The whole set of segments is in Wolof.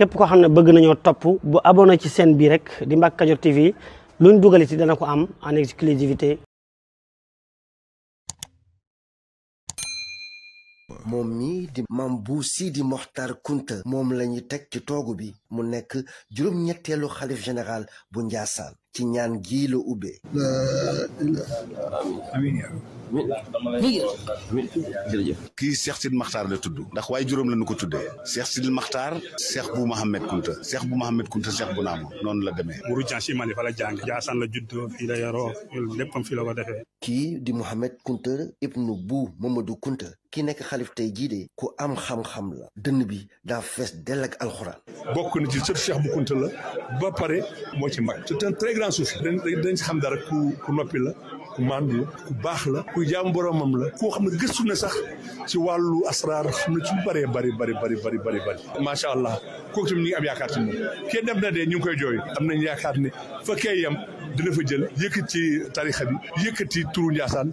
képp koo xam ne bëgg nañoo topp bu abonné ci seen bi rek di Mbacke Kadior TV luñ dugal ci dana ko am en exclusivité moom mii di maam bu Sidi Mokhtar Kunta moom lañu teg ci toogu bi mu nekk juróom ñetteelu xalif général bu Njaasaan ci ñaan gii la kii Cheikh Sidi Makhtar la tudd ndax waaye juróom la nu ko tuddee Cheikh Sidi Makhtar Cheikh bu Mohamed Kunta Cheikh bu Mohamed Kunta Cheikh bu naamo noonu la demee muru Jaasi Mali fa la jànge Jaasaan la juddoo fii la yaroo léppam fii la ko defee kii di Mohamed Kunta ibnu bu Mamadou Kunta ki nekk xalif tey jii de ku am xam-xam la dënn bi daa fees dell alxuraan bokk na ci sëtu Cheikh bu Kunta la ba pare moo ci mag c'est un très grand soufi dañ si xam dara ku noppi la ku màndu la ku baax la ku jaam boromam la koo xam ne gëstu na sax ci wàllu asraar xam ne ci lu bëree bëri bëri bëri bëri bëri bëri macha allah kooku ñu am yaakaar ci kenn dem na dee ñu koy jooy am nañ yaakaar ne fekkee yem dina fa jël yëkkati ci tarixa bi yëkkati turu Ndiassane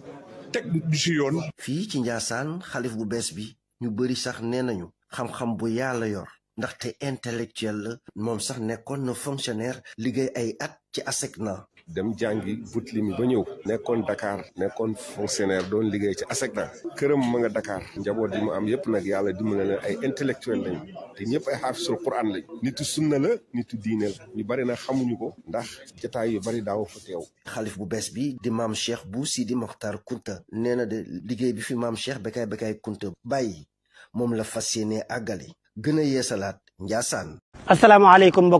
teg bi ci yoon fii ci Ndiassane xalif bu bees bi ñu bëri sax nee nañu xam-xam bu yàlla yor ndaxte intellectuel la moom sax nekkoon na fonctionnaire liggéey ay at ci ASECNA dem jàngi Boutilim ba ñëw nekkoon Dakar nekkoon fonctionnaire doon liggéey ci ASECNA këram ma nga Dakar njaboot yi am yëpp nag yàlla dimbale leen ay intellectuel lañu te ñëpp ay xaafisul Quran lañu nitu sunna la nitu diine la ñu bari na xamuñu ko ndax jataay yu bari daaw fa teew xalif bu bees bi di maam Cheikh bu Sidi Mokhtar Kunta nee na de liggéey bi fi maam Cheikh Bécaye Bécaye Kunta bàyyi moom la fas yéene àggali gën a yeesalaat Njaasaan asalaamaaleykum a